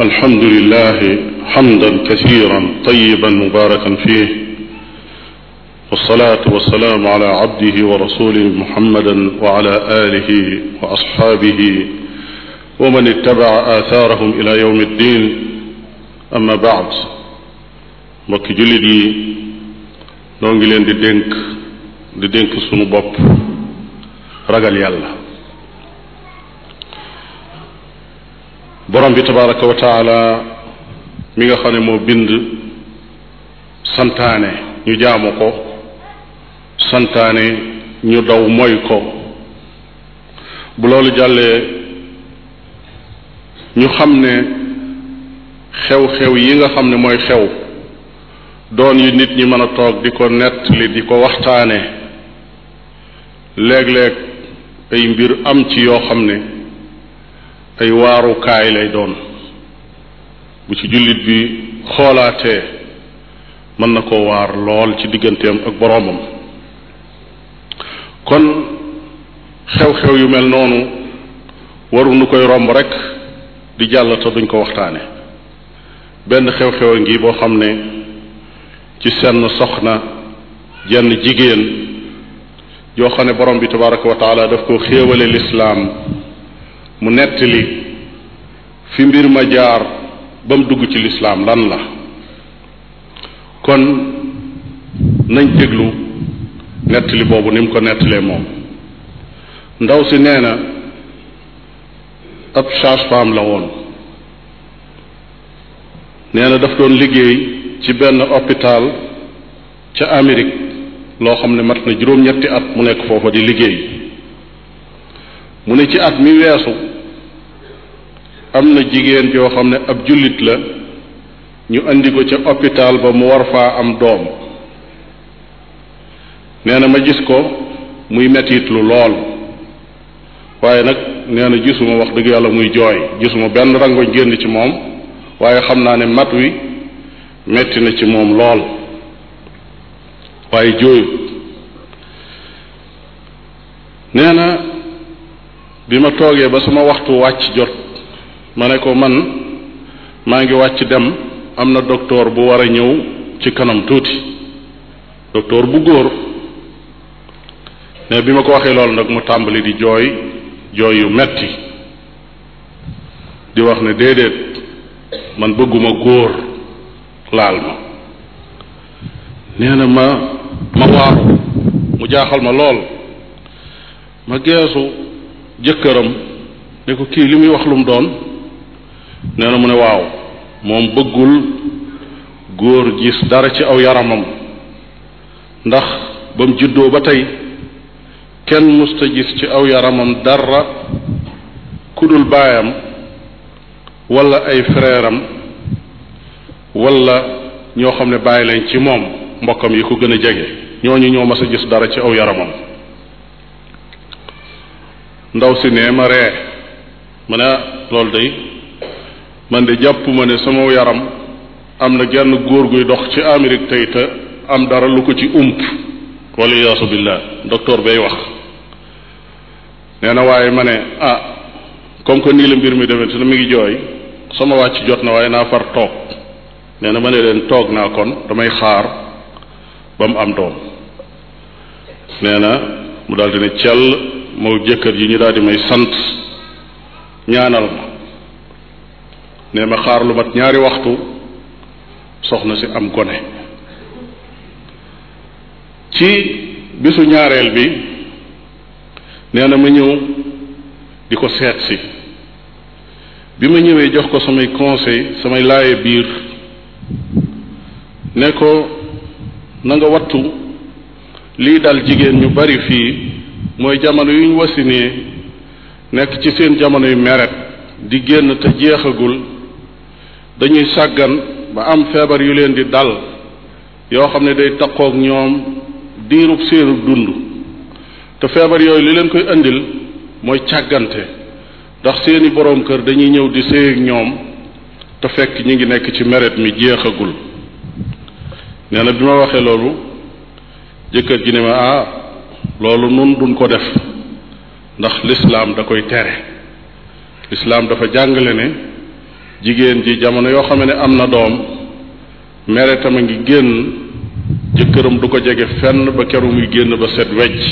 الحمد لله حمدا كثيرا طيبا مباركا فيه والصلاة والسلام على عبده ورسوله محمدا وعلى آله وأصحابه ومن اتبع آثارهم إلى يوم الدين أما بعد mbokki jullit yi noo ngi leen di dénk di dénk sunu bopp ragal yàlla borom bi tabaraka wa taala mi nga xam ne moo bind santaane ñu jaamu ko santaane ñu daw moy ko bu loolu jàllee ñu xam ne xew-xew yi nga xam ne mooy xew doon yi nit ñi mën a toog di ko nettali di ko waxtaane léeg-léeg ay mbir am ci yoo xam ne ay waarukaay lay doon bu ci jullit bi xoolaatee mën na ko waar lool ci digganteem ak boroomam kon xew-xew yu mel noonu waruñu koy romb rek di jàll duñ ko waxtaane benn xew-xew a ngi boo xam ne ci senn soxna jenn jigéen yoo xam ne borom bi tabaraka wa taala daf ko xéewale lislaam mu nettali fi mbir ma jaar ba mu dugg ci lislaam lan la kon nañ déglu nettali boobu ni mu ko nettalee moom ndaw si neena na ab sage la woon nee na daf doon liggéey ci benn hôpital ca Amérique loo xam ne mat na juróom-ñetti at mu nekk foofa di liggéey mu ne ci at mi weesu am na jigéen joo xam ne ab jullit la ñu indi ko ca hôpital ba mu war faa am doom nee na ma gis ko muy metit lu lool waaye nag nee na gisuma wax dëgg yàlla muy jooy gisuma benn rangoñ génn ci moom waaye xam naa ne mat wi metti na ci moom lool waaye jooyu nee na bi ma toogee ba sama waxtu wàcc jot ma ne ko man maa ngi wàcc dem am na doktoor bu war a ñëw ci kanam tuuti docteur bu góor ne bi ma ko waxee loolu nag mu tàmbali di jooy jooy yu metti di wax ne déedéet man bëgguma góor laal ma nee na ma ma waaru mu jaaxal ma lool ma geesu jëkkëram ne ko kii li muy wax lu mu doon nee na mu ne waaw moom bëggul góor gis dara ci aw yaramam ndax ba mu juddoo ba tey kenn musta gis ci aw yaramam dara kudul baayam walla ay frère walla ñoo xam ne bàyyi lañ ci moom mbokkam yi ko gën a jege ñooñu ñoo mas gis dara ci aw yaramam ndaw si ne ma ree ma ne loolu day man de jàpp ma ne sama yaram am na genn góor guy dox ci Amérique tey te am dara lu ko ci ump wala yaasu billah docteur bay wax nee na waaye ma ne ah comme que nii la mbir mi demee te mi ngi jooy sama wàcc jot na waaye naa far toog nee na ma ne leen toog naa kon damay xaar ba mu am doom nee na mu daal di ne cell moo jëkkër ji ñu daal di may sant ñaanal ma ne ma xaar lu mat ñaari waxtu soxna si am gone ci bisu ñaareel bi nee na ma ñëw di ko seet bi ma ñëwee jox ko samay conseil samay laaye biir ne ko nanga nga wattu lii dal jigéen ñu bari fii mooy jamono yuñ wasinee nekk ci seen jamono yu meret di génn te jeexagul dañuy sàggan ba am feebar yu leen di dal yoo xam ne day taqoog ñoom diirub seenu dund te feebar yooyu li leen koy indil mooy càggante ndax seeni boroom kër dañuy ñëw di séy ñoom te fekk ñu ngi nekk ci meret mi jeexagul nee na bi ma waxee loolu jëkkër ji ne ma ah loolu nun duñ ko def ndax lislaam da koy tere lislaam dafa jàngale ne jigéen ji jamono yoo xam ne am na doom meretam a ngi génn jëkkëram du ko jege fenn ba keru muy génn ba set wecc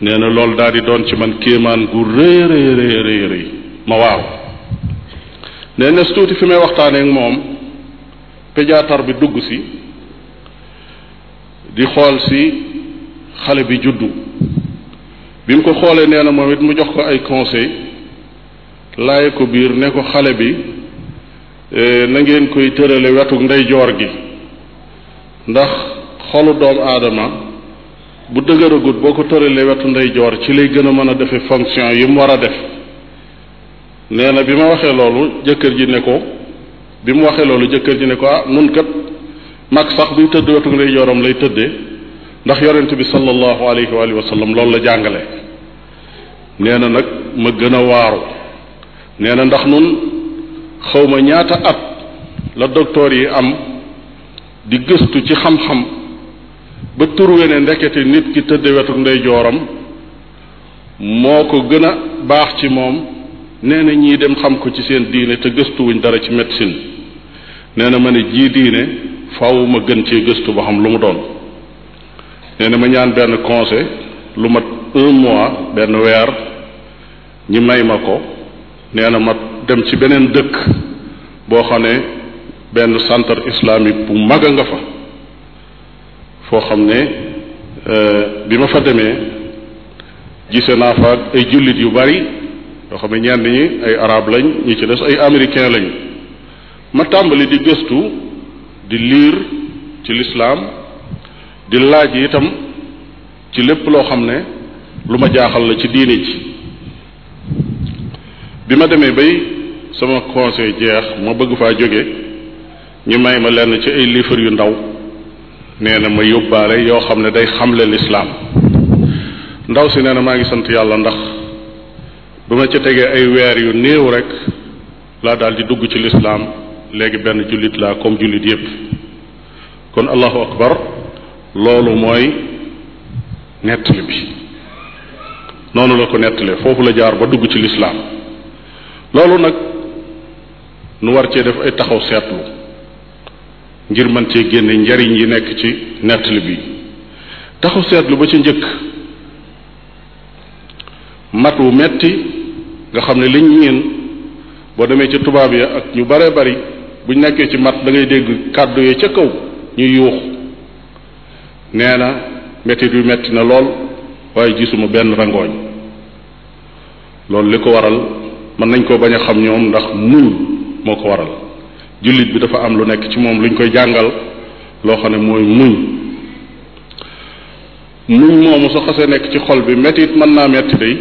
nee na loolu daal di doon ci man kéemaan gu rëy rëy rëy rëy ma waaw nee na tuuti fi may waxtaaneek moom pédiatre bi dugg si di xool si xale bi juddu bi mu ko xoolee nee na moom it mu jox ko ay conseil laaye ko biir ne ko xale bi e, na ngeen koy tërale wetu ndeyjoor gi ndax xolu doom aadama bu dëgëragut boo ko tëralee wetu ndeyjoor ci lay gën a mën a defe fonction yi mu war a def nee na bi ma waxee loolu jëkkër ji ne ko bi mu waxee loolu jëkkër ji ne ko ah nun mag sax buy tëdd wetu ndeyjooram lay tëdde ndax yonent bi sallallahu alayhi wa sallam loolu la jàngale nee na nag ma gën a waaru nee na ndax nun xawma ñaata at la docteur yi am di gëstu ci xam-xam ba turwe ne ndekete nit ki tëdde wetu ndeyjooram moo ko gën a baax ci moom nee na ñii dem xam ko ci seen diine te gëstuwuñ dara ci médecine nee na ma ne jii diine faaw gën cee gëstu ba xam lu mu doon nee na ma ñaan benn conseil lu mat un mois benn weer ñi may ma ko nee na ma dem ci beneen dëkk boo xam ne benn centre islamique bu mag a nga fa foo xam ne euh, bi ma fa demee gise naa fa ay jullit yu bari yoo xam ne ñenn ñi ay araab lañ ñi ci des ay américain lañ ma tàmbali di gëstu di liir ci lislaam di laaj itam ci lépp loo xam ne lu ma jaaxal la ci diine ji bi ma demee bay sama conseil jeex ma bëgg faa jóge ñu may ma lenn ci ay liifar yu ndaw nee na ma yóbbaale yoo xam ne day xamle lislaam ndaw si nee na maa ngi sant yàlla ndax ba ma ci tegee ay weer yu néew rek laa daal di dugg ci lislaam léegi benn jullit laa comme jullit yépp kon allahu akbar loolu mooy nettali bi noonu la ko nettalee foofu la jaar ba dugg ci lislaam loolu nag nu war cee def ay taxaw seetlu ngir mën cee génne njariñ yi nekk ci nettali bi taxaw seetlu ba ci njëkk mat wu metti nga xam ne liñ ñeen boo demee ca tubaab ya ak ñu bare bari bu nekkee ci mat dangay dégg kàddu yi ca kaw ñu yuux nee na mettit yu metti na lool waaye gisuma benn rangooñ loolu li ko waral mën nañ koo bañ a xam ñoom ndax muñ moo ko waral jullit bi dafa am lu nekk ci moom luñ koy jàngal loo xam ne mooy muñ muñ moomu sa xasee nekk ci xol bi métit mën naa metti day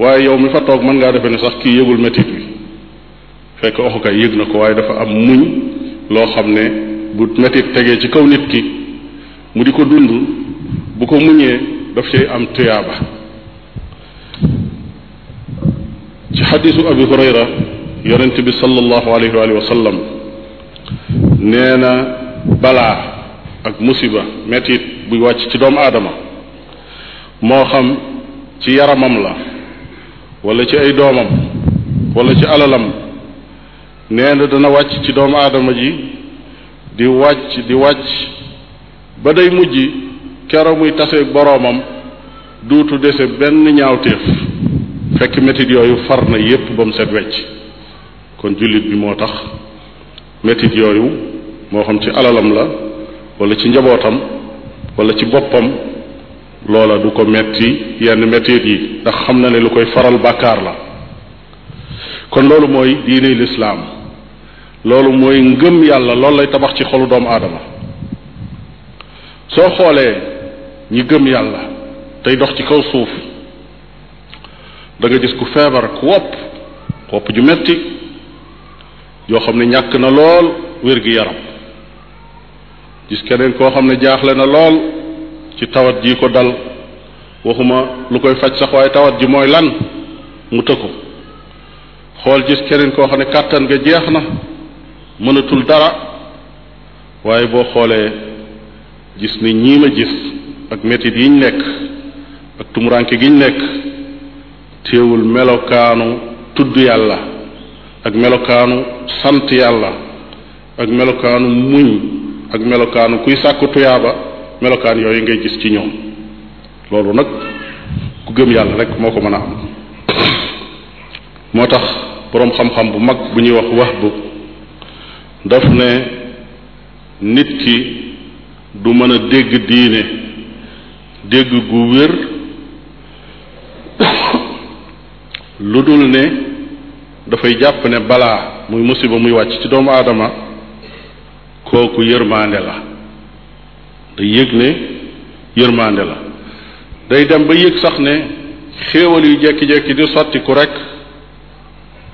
waaye yow mi fa toog mën ngaa defe ne sax kii yëgul métit bi fekk oxukaay yëg na ko waaye dafa am muñ loo xam ne bu métit tegee ci kaw nit ki mu di ko dund bu ko muñee daf cay am tuyaaba ci xadisu abi hurayra yonent bi sallallahu alayhi wa sallam nee na balaa ak musiba metit buy wàcc ci doomu aadama moo xam ci yaramam la wala ci ay doomam wala ci alalam nee na dana wàcc ci doomu aadama ji di wàcc di wàcc ba dey mujj kero muy taseeg boroomam duutu dese benn ñaawteef fekk métit yooyu far na yépp ba mu set wecc kon jullit bi moo tax métit yooyu moo xam ci alalam la wala ci njabootam wala ci boppam loola du ko metti yenn métit yi ndax xam na ne lu koy faral bàkkaar la kon loolu mooy diine lislaam loolu mooy ngëm yàlla loolu lay tabax ci xolu doomu aadama soo xoolee ñi gëm yàlla tey dox ci kaw suuf danga nga gis ku feebar ku wopp wopp ju metti yoo xam ne ñàkk na lool wér gi yaram gis keneen koo xam ne jaaxle na lool ci tawat ji ko dal waxuma lu koy faj sax waaye tawat ji mooy lan mu tëkku xool gis keneen koo xam ne kàttan ga jeex na mënatul dara waaye boo xoolee gis ni ñii ma gis ak métit yiñ nekk ak tumuranke giñ nekk teewul melokaanu tudd yàlla ak melokaanu sant yàlla ak melokaanu muñ ak melokaanu kuy sàkku tuyaaba melokaan yooyu ngay gis ci ñoom loolu nag ku gëm yàlla rek moo ko mën a am moo tax boroom xam-xam bu mag bu ñuy wax Wahb daf ne nit ki du mën a dégg diine dégg gu wér lu dul ne dafay jàpp ne balaa muy musiba muy wàcc ci doomu aadama kooku yërmaande la day yëg ne yërmaande la day dem ba yëg sax ne xéewal yu jekki-jekki di sotti ku rek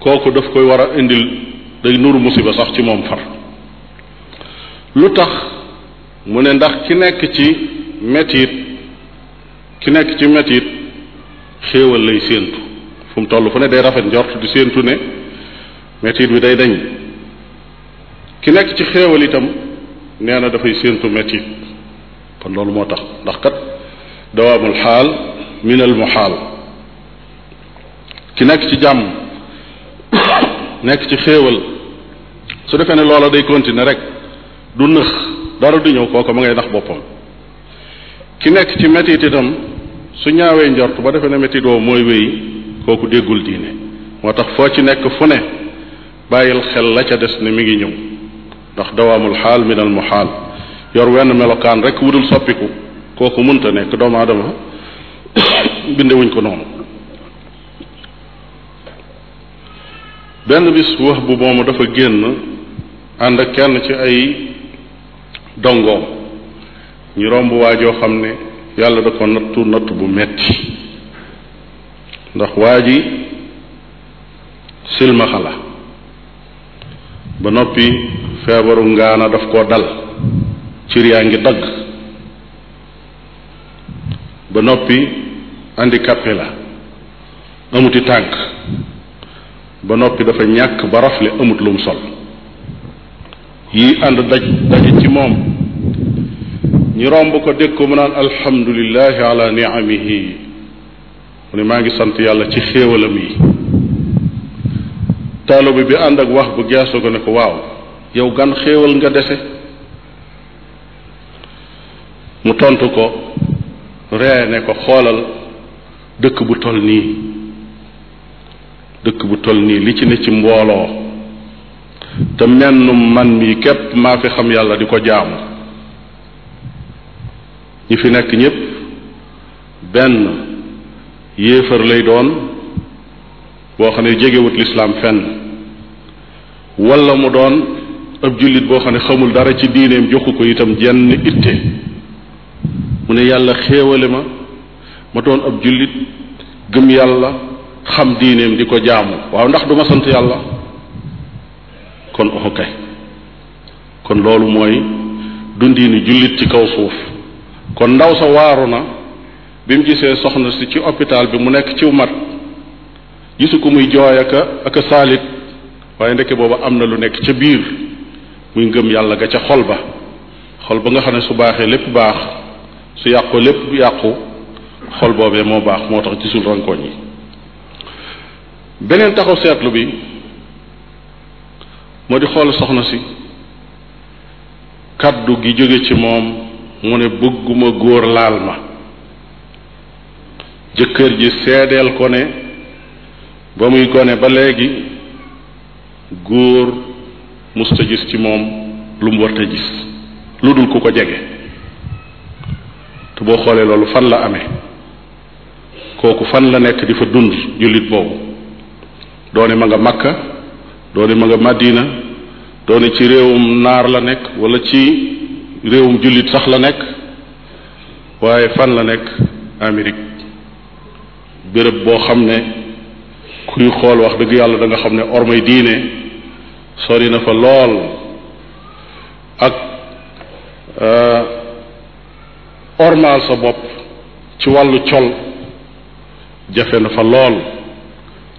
kooku daf koy war a indil day nuru musiba sax ci moom far lu tax mu ne ndax ki nekk ci metit ki nekk ci mettit xéewal lay séentu fu mu toll fu ne day rafet njort di séentu ne mettit bi day dañ ki nekk ci xéewal itam nee na dafay séentu mettit kon loolu moo tax ndax kat dawaamul xaal minal mu xaal ki nekk ci jàmm nekk ci xéewal su defee ne loola day continuer rek du nëx dara du ñëw kooka ma ngay nax boppam ki nekk ci mettit itam su ñaawee njort ba defee ne mettit woowu mooy wéy kooku déggul diine moo tax foo ci nekk fu ne bàyyil xel la ca des ne mi ngi ñëw ndax dawaamul xaal min al muxaal yor wenn melokaan rekk wudul soppiku kooku munta nekk doomu adama bindewuñ ko noonu benn bis wax bu moomu dafa génn ànd ak kenn ci ay dongoom ñu romb waajoo xam ne yàlla da ko nattu natt bu metti ndax waa ji silmaxa la ba noppi feebaru ngaana daf koo dal cir yaa ngi dagg ba noppi handicapé la amuti tànk ba noppi dafa ñàkk ba rafle amut lum sol yii ànd daj daje ci moom ñi romb ko dégg ko mu naan alhamdulillahi ala niamihi mu ne maa ngi sant yàlla ci xéewalam yi taalibe bi ànd ak wax bu geesu ko ne ko waaw yow gan xéewal nga dese mu tontu ko ree ne ko xoolal dëkk bu tol nii dëkk bu tol nii li ci ne ci mbooloo te mennum man mii képp maa fi xam yàlla di ko jaamu ñi fi nekk ñépp benn yéefar lay doon boo xam ne jegewut lislaam fenn wala mu doon ab jullit boo xam ne xamul dara ci diineem jox ko itam jenn itte mu ne yàlla xéewale ma ma doon ab jullit gëm yàlla xam diineem di ko jaamu waaw ndax duma sant yàlla kon oxo kay kon loolu mooy dundiinu jullit ci kaw suuf kon ndaw sa waaru na bi mu gisee soxna si ci hôpital bi mu nekk ciw mat gisu ko muy jooy aka a saalit waaye ndeke booba am na lu nekk ca biir muy ngëm yàlla ga ca xol ba xol ba nga xam ne su baaxee lépp baax su yàqoo lépp yàqu xol boobee moo baax moo tax gisul rankoñ yi beneen taxaw seetlu bi moo di xool soxna si kaddu gi jóge ci moom mu ne bëgguma góor laal ma jëkkër ji seedeel ko ne ba muy gone ba léegi góor musta ci moom lu mu warta gis lu dul ku ko jege te boo xoolee loolu fan la ame kooku fan la nekk di fa dund jullit boobu doone ma nga Makka doone ma nga Madina doone ci réewum naar la nekk wala ci réewum jullit sax la nekk waaye fan la nekk Amérique béréb boo xam ne kuy xool wax dëgg yàlla da xam ne ormay diine sori na fa lool ak euh, ormaal sa bopp ci wàllu col jafe na fa lool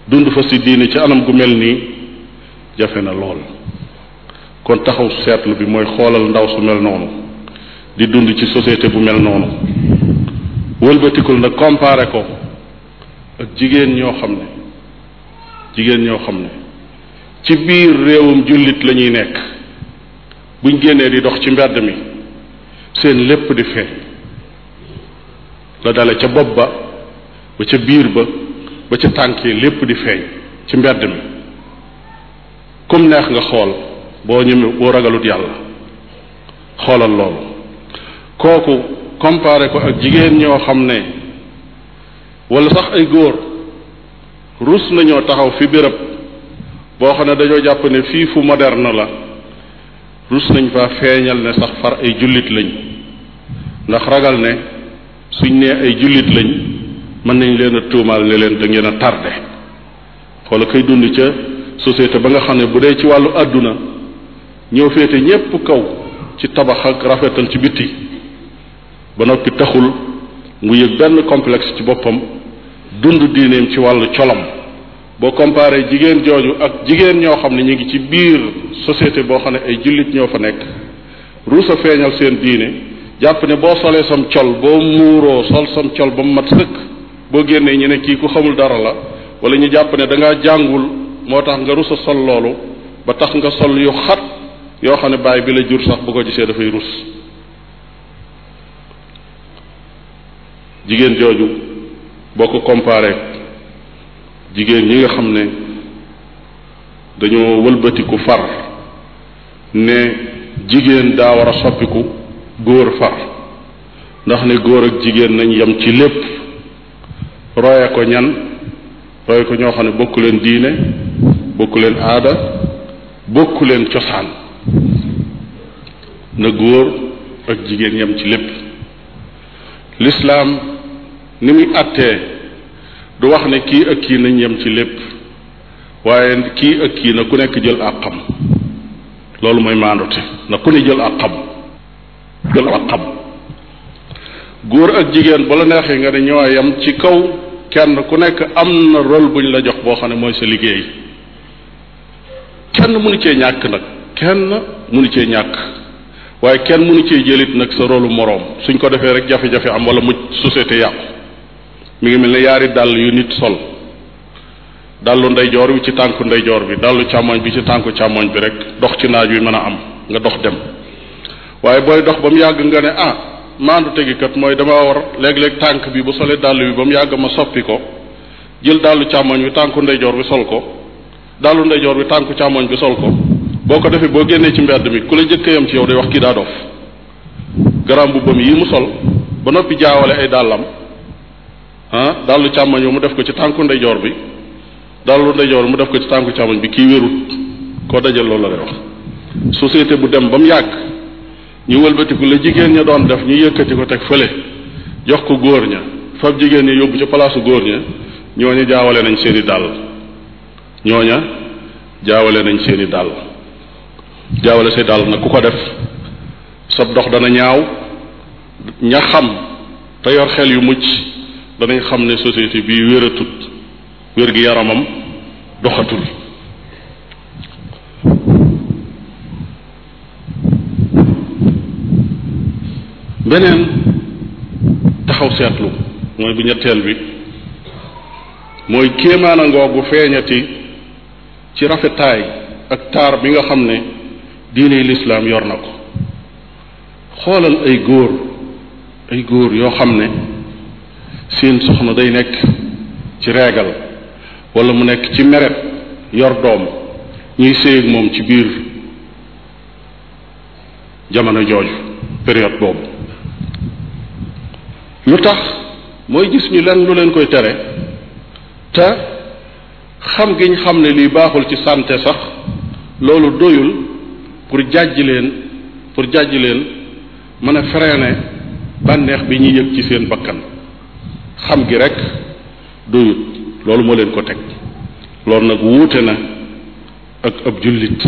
dund fa si diine ci anam gu mel nii jafe na lool kon taxaw seetlu bi mooy xoolal ndaw su mel noonu di dund ci société bu mel noonu wëlbatikul nag comparé ko ak jigéen ñoo xam ne jigéen ñoo xam ne ci biir réewum jullit la ñuy nekk buñ génnee di dox ci mbedd mi seen lépp di feeñ la dale ca bopp ba ba ca biir ba ba ca tànk yi lépp di feeñ ci mbedd mi kum neex nga xool boo ñëme boo ragalut yàlla xoolal loolu kooku comparé ko ak jigéen ñoo xam ne wala sax ay góor rus nañoo taxaw fi béréb boo xam ne dañoo jàpp ne fii fu moderne la ruus nañ faa feeñal ne sax far ay jullit lañ ndax ragal ne suñ nee ay jullit lañ mën nañ leen a tuumaal ne leen dangeen a tardé xoola koy dund ca société ba nga xam ne bu dee ci wàllu àdduna ñoo féete ñépp kaw ci tabax ak rafetal ci biti ba noppi taxul mu yëg benn complexe ci boppam dund diineem ci wàllu colom boo comparee jigéen jooju ak jigéen ñoo xam ne ñu ngi ci biir société boo xam ne ay jullit ñoo fa nekk ruus a feeñal seen diine jàpp ne boo solee sam col boo muuroo sol sam col ba mu mat sëkk boo génnee ñu ne kii ku xamul dara la wala ñu jàpp ne da ngaa jàngul moo tax nga rus a sol loolu ba tax nga sol yu xat yoo xam ne baay bi la jur sax bu ko gisee dafay rus jigéen jooju boo ko comparé jigéen ñi nga xam ne dañoo wëlbatiku far ne jigéen daa war a soppiku góor far ndax ne góor ak jigéen nañ yem ci lépp roye ko ñan roye ko ñoo xam ne bokku leen diine bokku leen aada bokku leen cosaan na góor ak jigéen yem ci lépp lislaam ni muy àttee du wax ne kii ak kii nañ yem ci lépp waaye kii ak kii na ku nekk jël ak xam loolu mooy maandute na ku ne jël ak xam jël ak xam góor ak jigéen ba la neexee nga ne ñoo yem ci kaw kenn ku nekk am na rôle bu ñu la jox boo xam ne mooy sa liggéey kenn mënu cee ñàkk nag kenn mënu cee ñàkk waaye kenn mënu cee jëlit nag sa rôle moroom suñ ko defee rek jafe-jafe am wala mu société yàqu mi ngi mel na yaari dàll yu nit sol dàll ndeyjoor bi ci tànku ndeyjoor bi dàllu càmmoñ bi ci tànku càmmoñ bi rek dox ci naaj wi mën a am nga dox dem waaye booy dox ba mu yàgg nga ne ah maandu tegikat mooy dama war léeg-léeg tànk bi bu solee dàll bi ba mu yàgg ma soppi ko jël dàllu càmmoñ bi tànku ndeyjoor bi sol ko dàllu ndeyjoor bi tànku càmmoñ bi sol ko boo ko defee boo génnee ci mbedd mi ku la njëkk yam ci yow day wax kii daa dof garam bu bam yi mu sol ba noppi jaawale dàllam ah dàllu càmmoñ bi mu def ko ci tànku ndeyjoor bi dàllu ndeyjoor bi mu def ko ci tànku càmmoñ bi kii wérut koo dajal loolu la lay wax société bu dem ba mu yàgg ñu wëlbatiku la jigéen ña doon def ñu yëkkati ko teg fële yox ko góor ña fab jigéen ña yóbbu ci palaasu góor ña ñooña jaawale nañ seeni dàll ñooña jaawale nañ seeni dàll jaawale say dàll nag ku ko def sab dox dana ñaaw ña xam te yor xel yu mucc danañ xam ne société bii wératut wér gi yaramam doxatul beneen taxaw seetlu mooy bu ñetteel bi mooy kéemaana ngoogu feeñati ci rafetaay ak taar bi nga xam ne diine lislaam yor na ko xoolal ay góor ay góor yoo xam ne seen soxna day nekk ci reegal wala mu nekk ci meret yor doom ñuy séy ak moom ci biir jamono jooju période boobu lu tax mooy gis ñu lenn lu leen koy tere te xam gi ñu xam ne lii baaxul ci santé sax loolu doyul pour jàjji leen pour jàjj leen mën a freiner bànneex bi ñuy yëg ci seen bakkan xam gi rek doyut loolu moo leen ko teg loolu nag wuute na ak ab jullit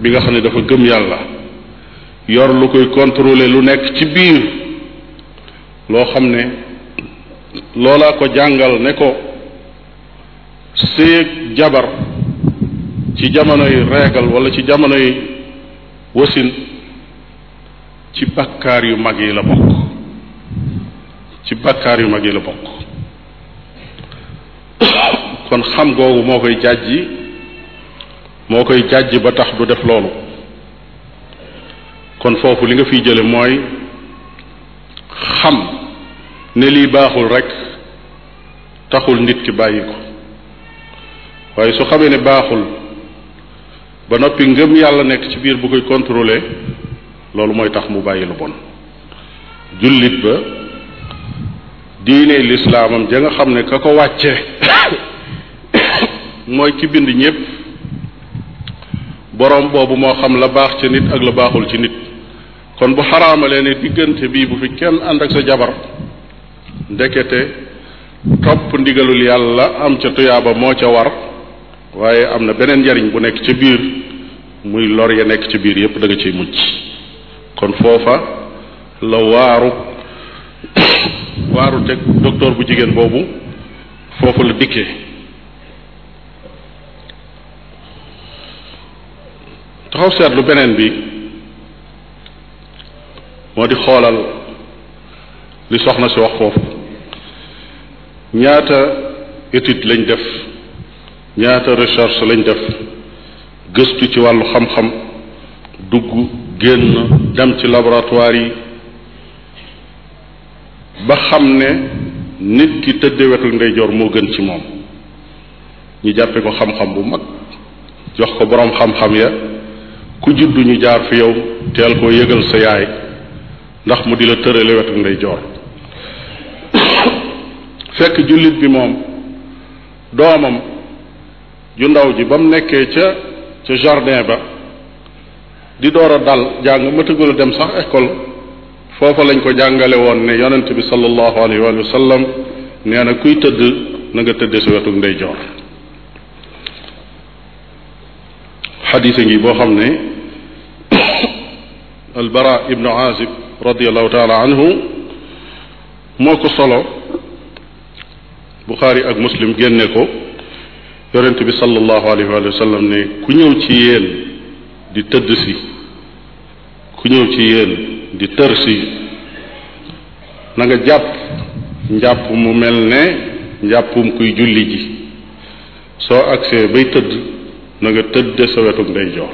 bi nga xam ne dafa gëm yàlla yor lu koy contrôler lu nekk ci biir loo xam ne loolaa ko jàngal ne ko séeg jabar ci jamonoy reegal wala ci jamonoy wasin ci bakkaar yu mag yi la bokk ci bakkaar yu mag yi la bokk kon xam googu moo koy jàjji moo koy jàjji ba tax du def loolu kon foofu li nga fi jële mooy xam ne lii baaxul rekk taxul nit ki bàyyi ko waaye su xamee ne baaxul ba noppi ngëm yàlla nekk ci biir bu koy contrôler loolu mooy tax mu bàyyi lu bon jullit ba diine lislaamam janga xam ne ka ko wàcce mooy ki bind ñépp boroom boobu moo xam la baax ca nit ak la baaxul ci nit kon bu xaraamalee ne diggante bii bu fi kenn ànd ak sa jabar ndekete topp ndigalul yàlla am ca tuyaaba moo ca war waaye am na beneen njariñ bu nekk ci biir muy lor ya nekk ci biir yépp danga nga ciy mucc kon foofa la waaru waaru teg docteur bu jigéen boobu foofu la dikkee taxaw seetlu beneen bi moo di xoolal li soxna si wax foofu ñaata étude lañ def ñaata recherche lañ def gëstu ci wàllu xam-xam dugg génn dem ci laboratoire yi ba xam ne nit ki tëdde wetul ndeyjoor moo gën ci moom ñu jàppe ko xam-xam bu mag jox ko boroom xam-xam ya ku juddu ñu jaar fi yow teel koo yëgal sa yaay ndax mu di la tërale wetu ndeyjoor fekk jullit bi moom doomam ju ndaw ji ba mu nekkee ca ca jardin ba di door a dal jàng matagul a dem sax école foofa lañ ko jàngale woon ne yonent bi sallallahu alayhi wa sallam nee na kuy tëdd na nga tëdde si wetu ndeyjoor xadis ngi boo xam ne albara ibnu azib radiallahu taala anhu moo ko solo buxaari ak muslim génne ko yonent bi sallallahu alayhi wa sallam ne ku ñëw ci yéen di tëdd si ku ñëw ci yéen di tër si na nga jàpp njàpp mu mel ne njàppum kuy julli ji soo agsee bay tëdd na nga tëdde sa wetu ndeyjoor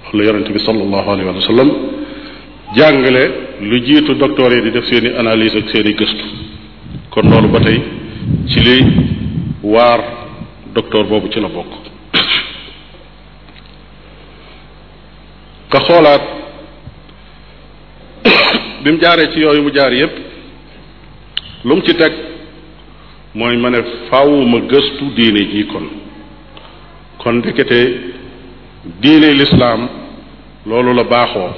wax la yonente bi sallallahu alayhi wa sallam jàngale lu jiitu docteur yi di def seeni i analyse ak seen gëstu kon loolu ba tey ci li waar docteur boobu ci la bokk nga xoolaat bi mu jaaree ci yooyu mu jaar yépp lu mu ci teg mooy ma ne faaw gëstu diine ji kon kon ndekete diine lislaam loolu la baaxoo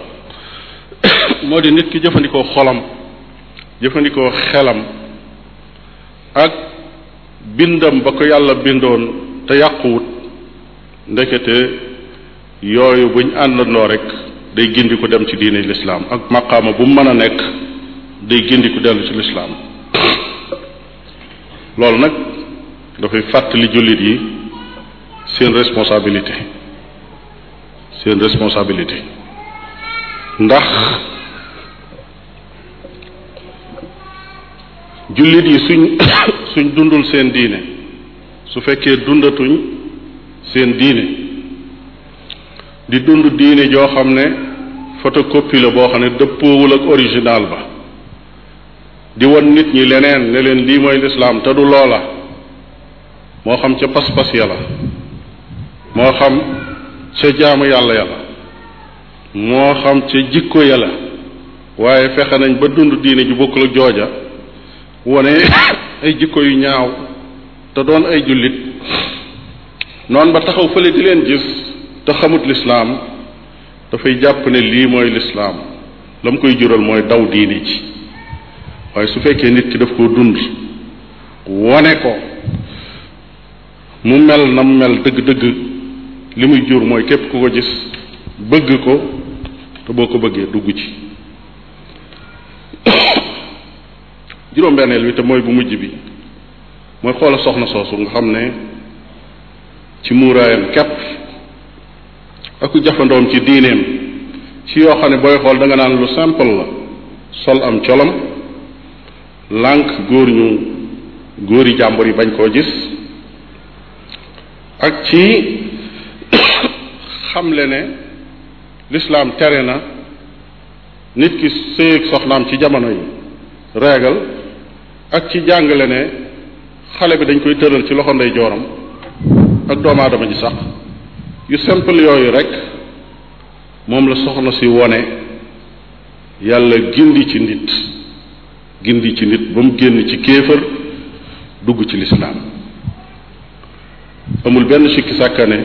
moo di nit ki jëfandikoo xolam jëfandikoo xelam ak bindam ba ko yàlla bindoon te yàquwut ndekete yooyu buñ àndandoo rekk day gindi ko dem ci diine lislaam ak maqaama bu mën a nekk day gindi ku dellu ci lislaam loolu nag dafay fàttali jullit yi seen responsabilité seen responsabilité ndax jullit yi suñ suñ dundul seen diine su fekkee dundatuñ seen diine di dund diine joo xam ne photocopie la boo xam ne dëppoowul ak original ba di won nit ñi leneen ne leen lii mooy lislaam te du loola moo xam ca pas-pas yàlla moo xam ca jaamu yàlla yàlla moo xam ca jikko ya la waaye fexe nañ ba dund diine ju bokkul ak jooja wone ay jikko yu ñaaw te doon ay jullit noonu ba taxaw fële di leen gis te xamut lislaam dafay jàpp ne lii mooy lislaam la mu koy jural mooy daw diine ji waaye su fekkee nit ki daf koo dund wone ko mu mel na mu mel dëgg-dëgg li muy jur mooy képp ku ko gis bëgg ko te boo ko bëggee dugg ci juróom-benneel bi te mooy bu mujj bi mooy xoola soxna soosu nga xam ne ci muuraayam képp aku jafandoom ci diineem ci yoo xam ne booy xool danga naan lu simple la sol am colom lànk góor ñu góor góori jàmbur yi bañ koo gis ak ci xamle ne lislaam tere na nit ki séeg soxnaam ci jamono yi reegal ak ci jàngale ne xale bi dañ koy tëral ci loxo ndeyjooram jooram ak doomu aadama sax yu simple yooyu rek moom la soxna si wone yàlla gindi ci nit gindi ci nit ba mu génn ci kéefër dugg ci lislaam amul benn sikki sàkkane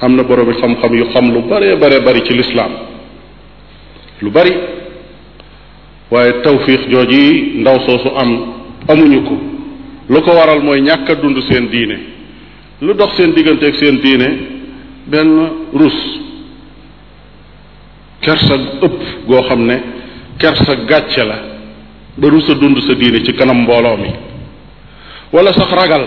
am na boroomi xam-xam yu xam lu bare bare bari ci lislaam lu bari waaye tawfiix jooji ndaw soosu am amuñu ko lu ko waral mooy ñàkk a dund seen diine lu dox seen diggante ak seen diine benn rus kersa ëpp goo xam ne kersa gàcce la ba rus a dund sa diine ci kanam mbooloo mi wala sax ragal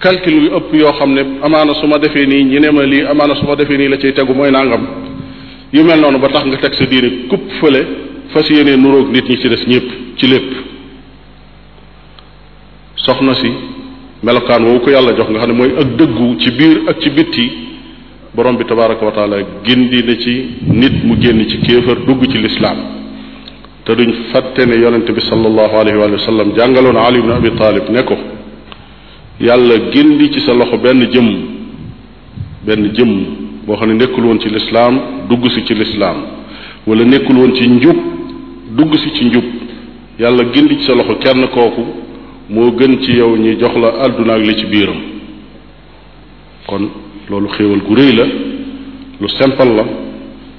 calcul bi ëpp yoo xam ne amaana su ma defee nii ñi ne ma lii amaana su ma defee nii la ciy tegu mooy nangam yu mel noonu ba tax nga teg sa diine kupp fële fas yéenee nuroog nit ñi ci des ñëpp ci lépp soxna si melokaan woowu ko yàlla jox nga xam ne mooy ak dëggu ci biir ak ci bitti borom bi tabaraka wa taala gindi na ci nit mu génn ci kéefër dugg ci lislaam te duñ fàtte ne yonente bi sallallahu alayhi wa sallam jàngaloon ali ibn abi taalib ne ko yàlla gindi ci sa loxo benn jëmm benn jëmm boo xam ne nekkul woon ci lislaam dugg si ci lislaam wala nekkul woon ci njub dugg si ci njub yàlla gindi ci sa loxo kenn kooku moo gën ci yow ñi jox la àdduna ak li ci biiram kon loolu xéewal gu la lu simple la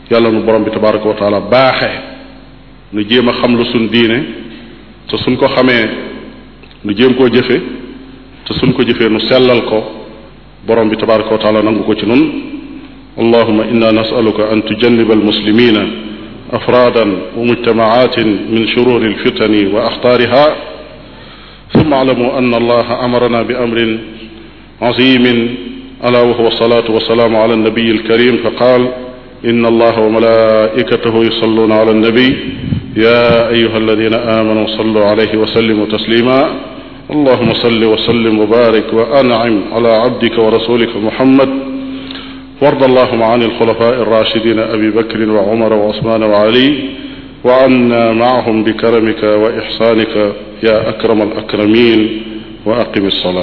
yàlla nu borom bi tabaraka wa taala baaxe nu jéem a xam lu suñ diine suñ ko xamee nu jéem koo jëfe te suñ ko jëfee nu sellal ko borom bi tabaraka wa taala nangu ko ci nun allahuma inna nasaluka an tujanniba almuslimina afradan wa mujtamaatin min shururi alfitani wa axtaariha summa alamu an allaha amarana bi amrin azimin ألا وهو الصلاة والسلام على النبي الكريم فقال إن الله وملائكته يصلون على النبي يا أيها الذين آمنوا صلوا عليه وسلموا تسليما اللهم صل وسلم وبارك وأنعم على عبدك ورسولك محمد وارض اللهم عن الخلفاء الراشدين أبي بكر وعمر وعثمان وعلي وعنا معهم بكرمك وإحسانك يا أكرم الأكرمين وأقم الصلاة